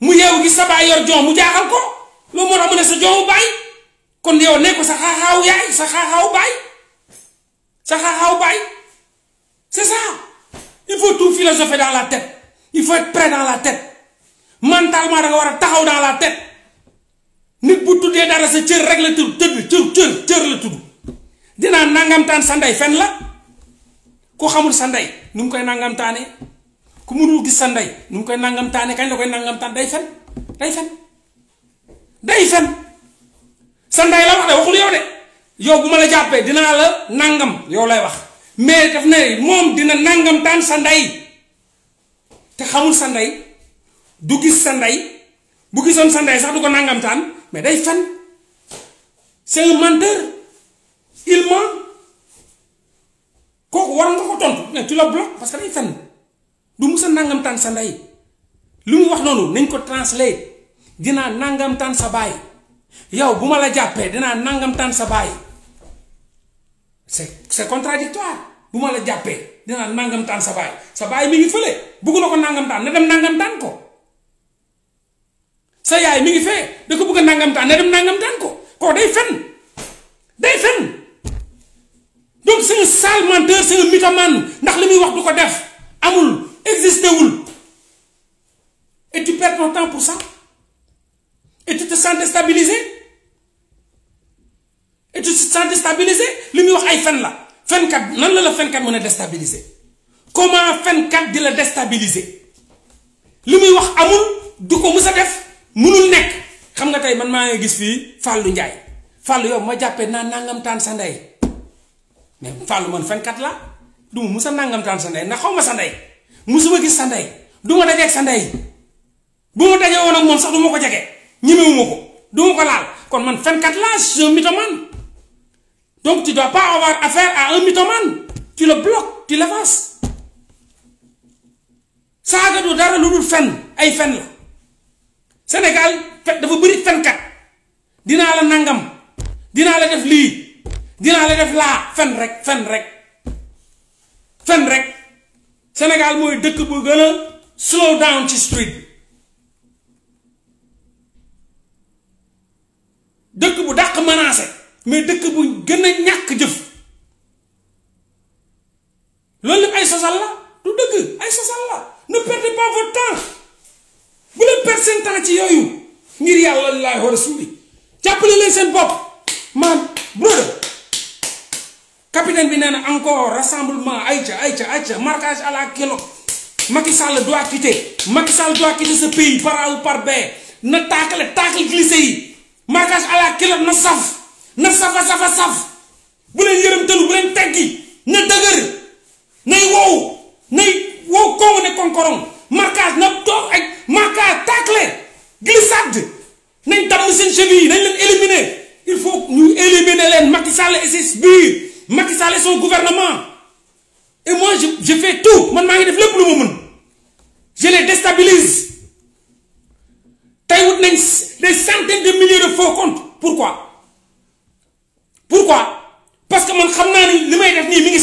mu ou gis sa baay yor joom mu jaaxal ko loolu moo tax mu ne sa joomu baay kon yow ne ko sa xaaxaaw yaay sa xaaxaaw baay sa xaaxaaw baay c'est ça il faut tout philosopher dans la tête il faut être prêt dans la tête mentalement da nga taxaw dans la tête nit bu tuddee dara sa cër règle la tout, tëdd cër cër cër la tout. Dina nangam tan sandai fen la ko xamul sandai, num nu mu koy ku mënul gis sa ndey nu koy nangamtaane kañ la nangamtaan day fen day fen day fen sa ndey la wax de waxul yow de yow bu ma la jàppee dinaa la nangam yow lay wax mais def ne moom dina nangamtaan sa ndey te xamul sa ndey du gis sa ndey bu gisoon sa ndey sax du ko nangamtaan mais day fen c'est un menteur il kooku war nga ko tontu ne tu la bloque parce day fen. du musa nangam tan sa nday lu mu wax nonu nañ ko translate dina nangam tan sa bay yow buma la jappé dina nangam tan sa bay c'est c'est contradictoire buma la jappé dina nangam tan sa bay sa bay mi ngi fële bugg na ko nangam tan na dem nangam tan ko sa yaay mi ngi fee da ko bugg nangam tan na dem nangam tan ko ko day fen day fen donc c'est un sale menteur c'est un mythomane ndax wax du ko def amul Existe où et tu perds ton temps pour ça et tu te sens déstabilisé et tu te sens déstabilisé li muy wax ay fen la fenkat nan la la fenkat mën a déstabiliser comment fenkat di la déstabiliser li wax amul du ko mës a def mënul nek. xam nga tay man ma ngi gis fi Fallou Ndiaye Fallou yow ma na naa nangamtaan sa ndey mais Fallou man fenkat la du ma mës a na sa ndey sa ndey musuma gis sanday ndey duma dajé ak sanday ndey buma dajé won ak mom sax duma ko jégé ñimewuma ko duma ko laal kon man fen ans la je mitoman donc tu dois pas avoir affaire à un mitoman tu le bloques tu saga do dara lu dul fen ay fen la sénégal dafa bari 24 dina la nangam dina la def li dina la def la fen rek fen rek fen rek Sénégal mooy dëkk bu gën a slow down ci street bi dëkk bu dàq menacé mais dëkk bu gën a ñàkk jëf loolu ay sosal la du dëgg ay sosal la ne perdez pas votre bu leen perdre seen temps ci yooyu ngir yàlla lay war a suuli jàppale leen seen bopp man brother capitaine bi nee na encore rassemblement ayca ayca ayca marquage à la kilo Macky Sall doit quitter Macky Sall doit quitter ce pays par A ou par B na taakale taakal glissé yi marquage à la kilo na saf na safa safa saf bu leen yërëmtalu bu leen teggi na dëgër nay wow nay wow kongo ne konkorong marquage na toog ak marquage taakale glissade nañ damm seen cheville nañ leen éliminer il faut ñu éliminer leen Macky Sall et Macky Sall son gouvernement et moi je fais tout mon je les déstabilise Taïwan a des centaines de milliers de faux comptes pourquoi pourquoi parce que mon ne ni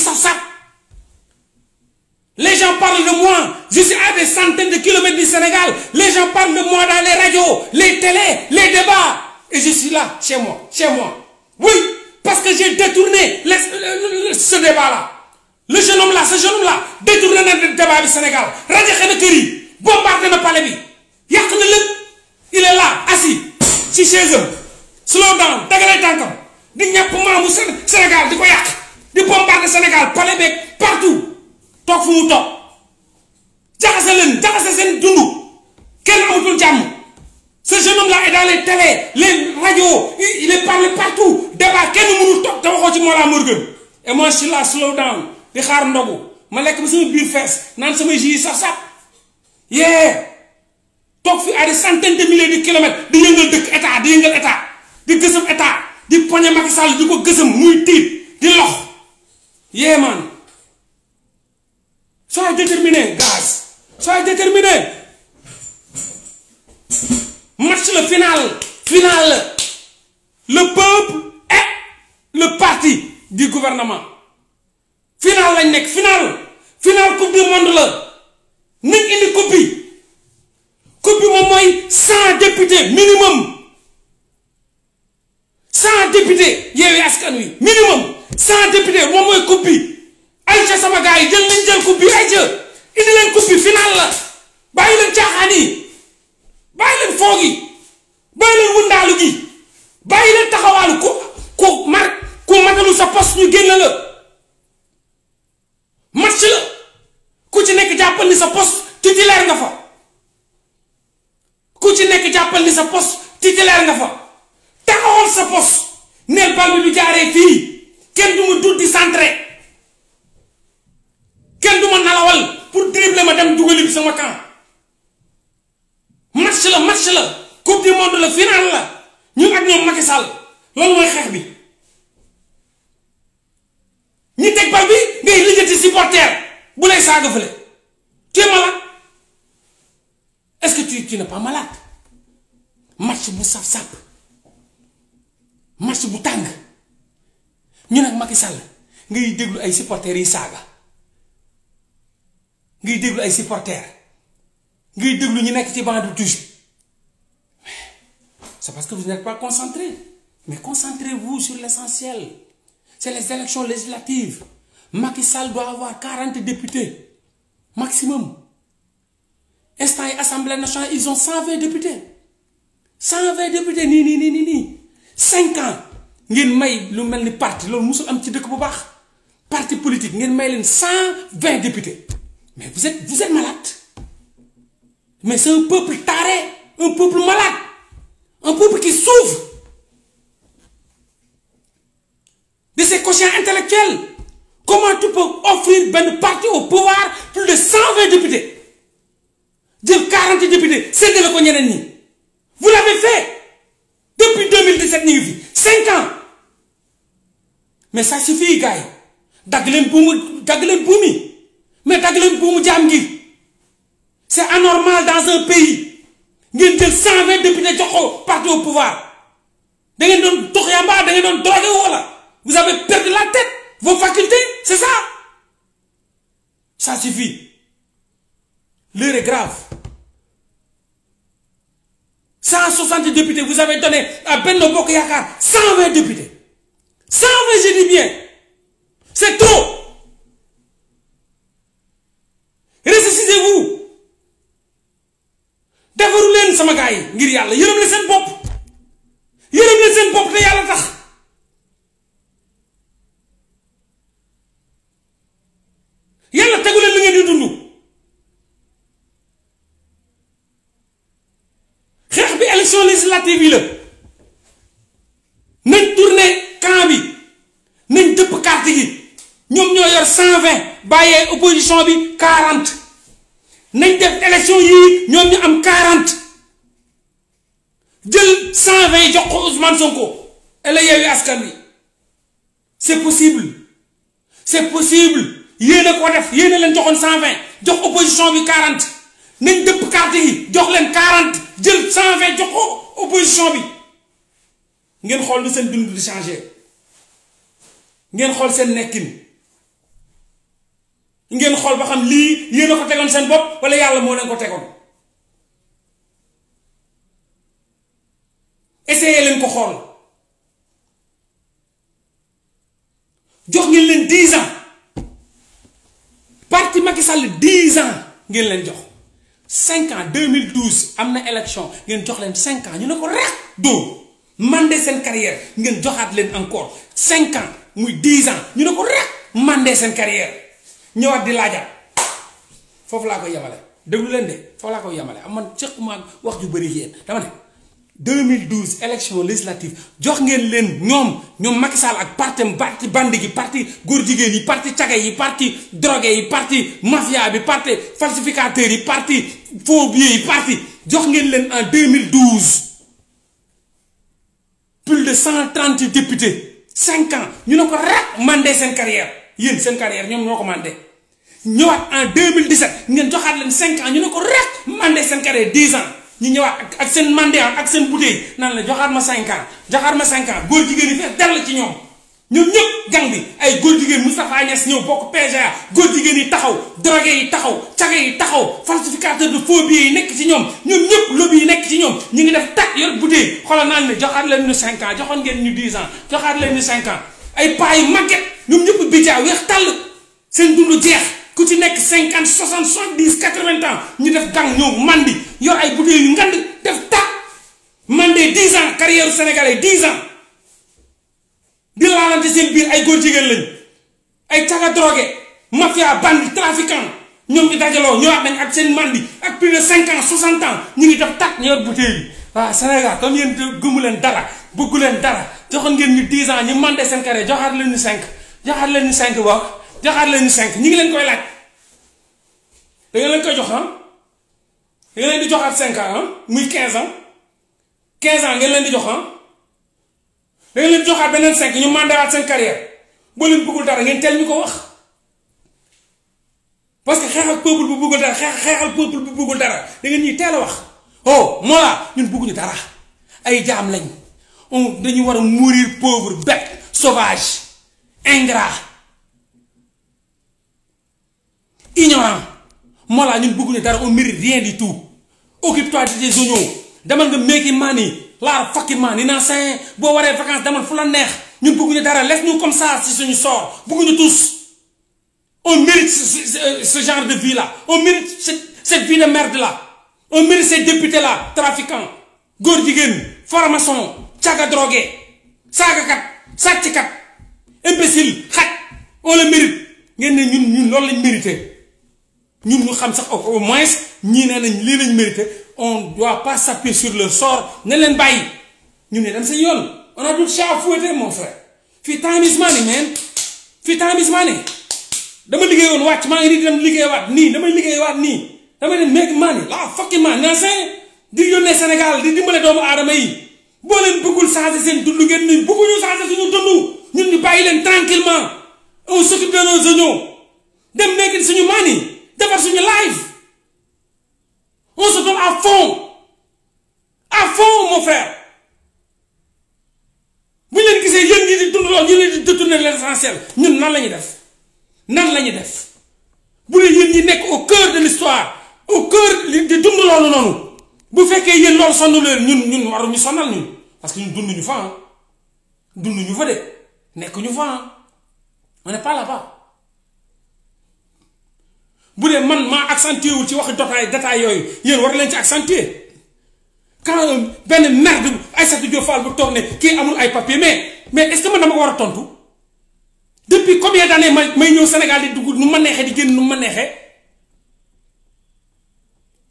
les gens parlent de moi je suis à des centaines de kilomètres du Sénégal les gens parlent de moi dans les radios les télés les débats et je suis là chez moi chez moi oui. Parce que j'ai détourné le, ce débat-là. Le jeune homme-là, ce jeune homme-là, détourné le débat du Sénégal. Radiakhé de Kerry, bombardé le palais. le il est là, assis, si chez eux. Slow down, tagalé tankam. Di ñap maamu Sénégal, di ko yak. Di bombarder Sénégal, palais bec, partout. Tok fu mu tok. Jaxase leen, jaxase seen dund. Kenn ce jeune homme là est dans les télé, les radios il est parlé partout débat nous mënul que te ci et moi je suis là slow down suis là, ndogu ma là, Je suis là, je suis là, Je suis là, Yeah! à des centaines de milliers de kilomètres di je suis état di suis état Je suis état di suis Macky Sall suis ko je muy man Soyez déterminé gaz Soyez déterminé le final final le peuple est le parti du gouvernement final final final coupe du monde là, coupe coupe députés minimum 100 députés minimum 100 députés coupe Aïcha sama gars yi coupe final bàyyi leen wundaalu gi bàyyi leen taxawaalu ku ku mar ku matalu sa poste ñu génn la match la ku ci nekk jàppal ni sa poste titulaire nga fa ku ci nekk jàppal ni sa poste titulaire nga fa taxawal sa poste neel bal bi du jaaree fii kenn du ma dut kenn du nalawal pour dribbler ma dem dugali sama camp match la match la coupe du monde la final la ñun ak ñom Macky Sall les bi ñi tek bal bi ngay bu lay tu es malade est-ce que tu n'es pas malade Marche bu saf ça. match bu tang. ñun ak Macky ngay déglu ay supporters yi ngay ngay ci touche c'est parce que vous n'êtes pas concentré. Mais concentrez-vous sur l'essentiel. C'est les élections législatives. Macky Sall doit avoir 40 députés. Maximum. Instant et Assemblée nationale, ils ont 120 députés. 120 députés, ni, ni, ni, ni, ni. 5 ans. may lu même parti Le parti politique Vous may 120 députés mais vous êtes vous êtes malade mais c'est un peuple taré un peuple malade un peuple qui s'ouvre de ces cochons intellectuels. Comment tu peux offrir une partie au pouvoir plus de 120 députés de 40 députés, c'est de le Vous l'avez fait depuis 2017, 5 ans. Mais ça suffit, gars. Boumi, mais Boumi C'est anormal dans un pays vous 120 députés partout au pouvoir vous avez perdu la tête vos facultés c'est ça ça suffit l'heure est grave 160 députés vous avez donné à Ben Bokk 120 députés 120 je dis bien c'est trop sama gars ngir yàlla yërëm la seen bopp yërëm la seen bopp te yàlla tax yàlla tegu leen li ngeen di dund xeex bi élection législative yi la nañ tourné camp bi nañ dëpp carte gi ñoom ñoo yor cent bàyyee opposition bi 40 nañ def élection yi ñoom ñu am 40 jël 120 jox ko Ousmane Sonko et la askan wi c'est possible c'est possible yéen a ko def yéen a leen joxoon 120 jox opposition bi 40 nañ dëpp carte yi jox leen 40 jël 120 jox ko opposition bi ngeen xool lu seen dund di changer ngeen xool seen nekkin ngeen xool ba xam lii yéen a ko tegoon seen bopp wala yàlla moo leen ko tegoon. le leen ko xool jox ngeen leen 10 ans parti Macky Sall 5 ans ngeen leen jox 5 ans 2012 am na élection ngeen jox leen cinq ans ñu ne ko rek do mandé seen carrière ngeen joxaat encore 5 ans muy 10 ans ñu ne ko rek mandé seen carrière ñëwaat di foofu laa koy que déglu leen de foofu laa koy am man wax ju bëri yéen dama ne. 2012 élection législative jox ngeen leen ñom ñom Macky Sall ak partem parti bandi gi parti gor de yi parti caga yi parti drogue yi parti mafia bi parti falsificateur yi parti faux billets yi parti jox ngeen leen en 2012 plus de 130 députés 5 ans ñu avons ko rek mandé sen carrière yéen sen carrière ñom ñoko mandé en 2017 ngeen joxaat leen 5 ans ñu avons ko rek mandé carrière 10 ans. ñi ñëwaat ak seen mandéan ak seen bouteille nan la joxaat ma 5 ans joxaat ma 5 ans góor jigéen yi fees dell ci ñoom ñoom ñëpp gang bi ay góor jigéen Moustapha Niass ñëw bokk PGA góor jigéen yi taxaw drogué yi taxaw caga yi taxaw falsificateur de faux billets yi nekk ci ñoom ñoom ñëpp lobby yi nekk ci ñoom ñi ngi def tak yor bouteille xoolal naan ne joxaat leen ñu 5 ans joxoon ngeen ñu 10 ans joxaat leen ñu 5 ans ay paa yu màgget ñoom ñëpp bijaa weex tàll seen dund jeex ku ci nek 50 60 70 80 ans ñu def dang ñëw mandi yor ay bouteille yu ngand def ta mandé 10 ans carrière sénégalais 10 ans di laalante seen biir ay góor jigéen lañ ay caga drogué mafia bandi trafiquant ñom ñu dajaloo ñëwaat nañ ak seen mandi ak plus de 50 ans soixante ans ñu ngi def tat ñor bouteille wa sénégal comme yéen gëmu leen dara bëggu leen dara joxon ngeen ñu 10 ans ñu mandé seen carrière joxat leen ñu 5 joxat leen ñu 5 joxaat leen cinq ñi ngi leen koy laaj da leen koy jox ah da leen di jox cinq ans ah muy quinze ans quinze ans leen di jox ah da leen joxaat beneen cinq ñu mandawaat seen carrière boo leen bëggul dara ngeen teel ñu ko wax parce que xeexal peuple bu bëggul dara xeexal peuple bu bëggul dara da ngeen teel a wax oh moo la ñun bëgguñu dara ay jaam lañ dañu war a mourir pauvre sovage ingrat ignorant Moi, nous ne on mérite rien du tout occupe-toi de tes oignons Demande de making money là fucking money naa vacances Demande fu la neex beaucoup de laisse nous comme ça si suñu sort de tous on mérite ce, genre de vie là on mérite cette, vie de merde là on mérite ces députés là trafiquants góor jigéen formation drogués, drogué saagakat imbécile on le mérite nous, ñun ñu xam sax au moins ñii nee nañ lii lañ mérité on doit pas s'appuyer sur le sort ne leen bàyyi ñu ne dem sa yoon on a du chat à mon frère fii time is money man fii time is money dama liggéeyoon wacc ma ngi nii dem ni dama damay liggéeyaat ni dama dem make money la fucking money naa seen di yónnee Sénégal di dimbale doomu aadama yi bo leen bëggul changer seen dund ngeen bëggu ñu changer suñu dundu ñun ni bàyyi leen tranquillement on s'occupe de nos oignons dem nekk suñu money fond à fond mon frère Vous voulez que c'est l'essentiel Nous, nous sommes Nous au cœur de l'histoire au cœur de tout le monde. bu nous sommes là. parce que nous Nous nous sommes nous on n'est pas là-bas bu dee man maa accentué wul ci waxi détail détail yooyu yéen war leen ci accentué quand benn merde Aïssatou Diop Fall bu toog ne kii amul ay papier mais mais est-ce que man dama ko war a tontu depuis combien d'années may may ñëw Sénégal di dugg nu ma neexee di génn nu ma neexee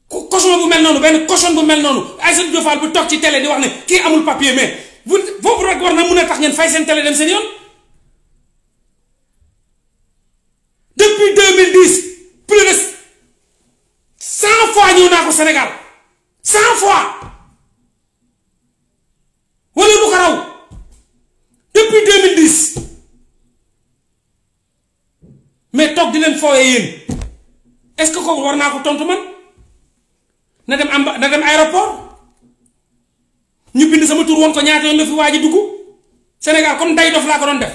cochon bu mel noonu benn cochon bu mel noonu Aïssatou Diop Fall bu toog ci télé di wax ne kii amul papier mais bu boobu rek war na mun a tax ngeen fay seen télé dem seen yoon depuis 2010. plus de 100 fois ñëw naa ko Sénégal 100 fois wala bu ko depuis 2010 mais toog di leen fooyee yéen est ce que vous avez ko tontu man na dem amba na dem aéroport ñu bind sama tur woon ko ñaata yoon la fi waa ji vous Sénégal comme day dof laa ko doon def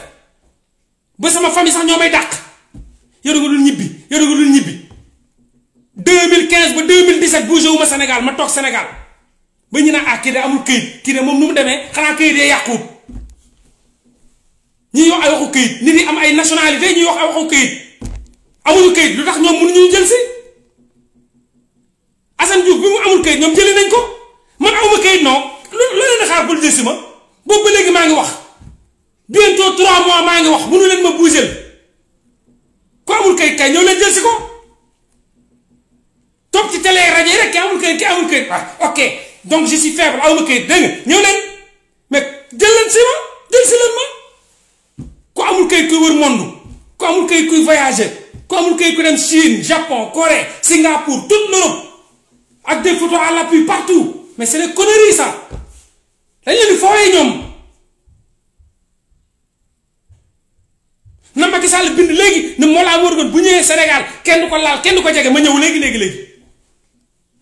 ba sama famille sax avez may dul ñibbi yow da nga dul ñibbi 2015 ba 2017 bougé wu ma senegal ma toog senegal ba ñu ne ak ah, kii de amul këyit kii de moom nu mu demee xanaa këyit yee yàquwut ñi wax ay waxu këyit nit ñi am ay nationalité ñuy wax ay waxu këyit amuñu këyit lu tax ñoom mënuñu jël si Assane Diouf bi mu amul këyit ñoom jëlee nañ ko man awma këyit non lu lu leen di xaar ba jël si ma boobu ba léegi maa ngi wax bientôt 3 mois maa ngi wax mënu leen ma bougé. amul kay kay ñëw leen jël si ko toog ci ah, ok donc je suis faible mais jël leen si ma jël si ma amul wër monde amul voyager amul dem Chine Japon Corée Singapour toute l'Europe Avec des photos à l'appui partout mais c'est des conneries ça dañ leen di fooyee na Macky Sall bind léegi ne Mollah Morgun bu ñëwee Sénégal kenn du ko laal kenn du ko jege ma ñëw legi léegi léegi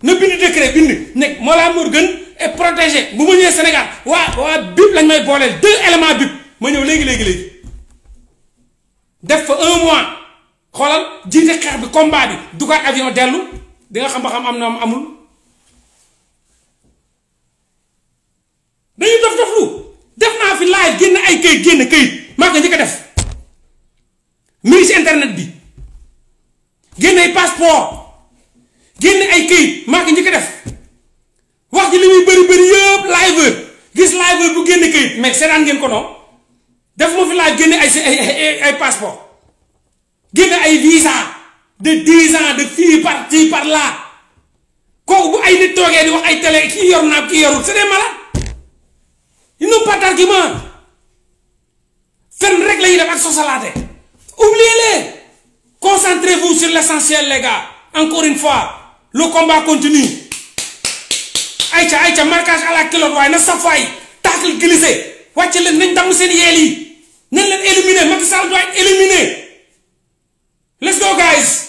na bind décret bind ne Mollah Morgun est protégé bu ma ñëwee Sénégal waa wa BIP lañ may booleel deux éléments BIP ma ñëw léegi léegi léegi def fa un mois xoolal jiite xeex bi combat bi dugaat avion delu di nga xam ba xam am na amul dañu def def lu def na fi live genn ay kay genn kay maa ko ñi ko def mi ngi internet bi génn ay passeport génn ay këyit maa ngi njëkk def wax ji li muy bëri bëri yëpp live gis live bu génn këyit mais seetaan ngeen ko noonu def ma fi live génne ay ay ay passeport génne ay visa de 10 ans de fii par ci par là kooku bu ay nit toogee di wax ay télé ki yor naa ki yorul c'est des malades ils n'ont pas d'argument fenn rek la ñuy def ak sosalaate Oubliez-les. Concentrez-vous sur l'essentiel, les gars. Encore une fois, le combat continue. Aïcha, Aïcha, marquage à la culotte, ouais, na safay, tacle glissé. Watch le nañ damm seen yeel éliminer, Macky Sall doit être éliminé. Let's go guys.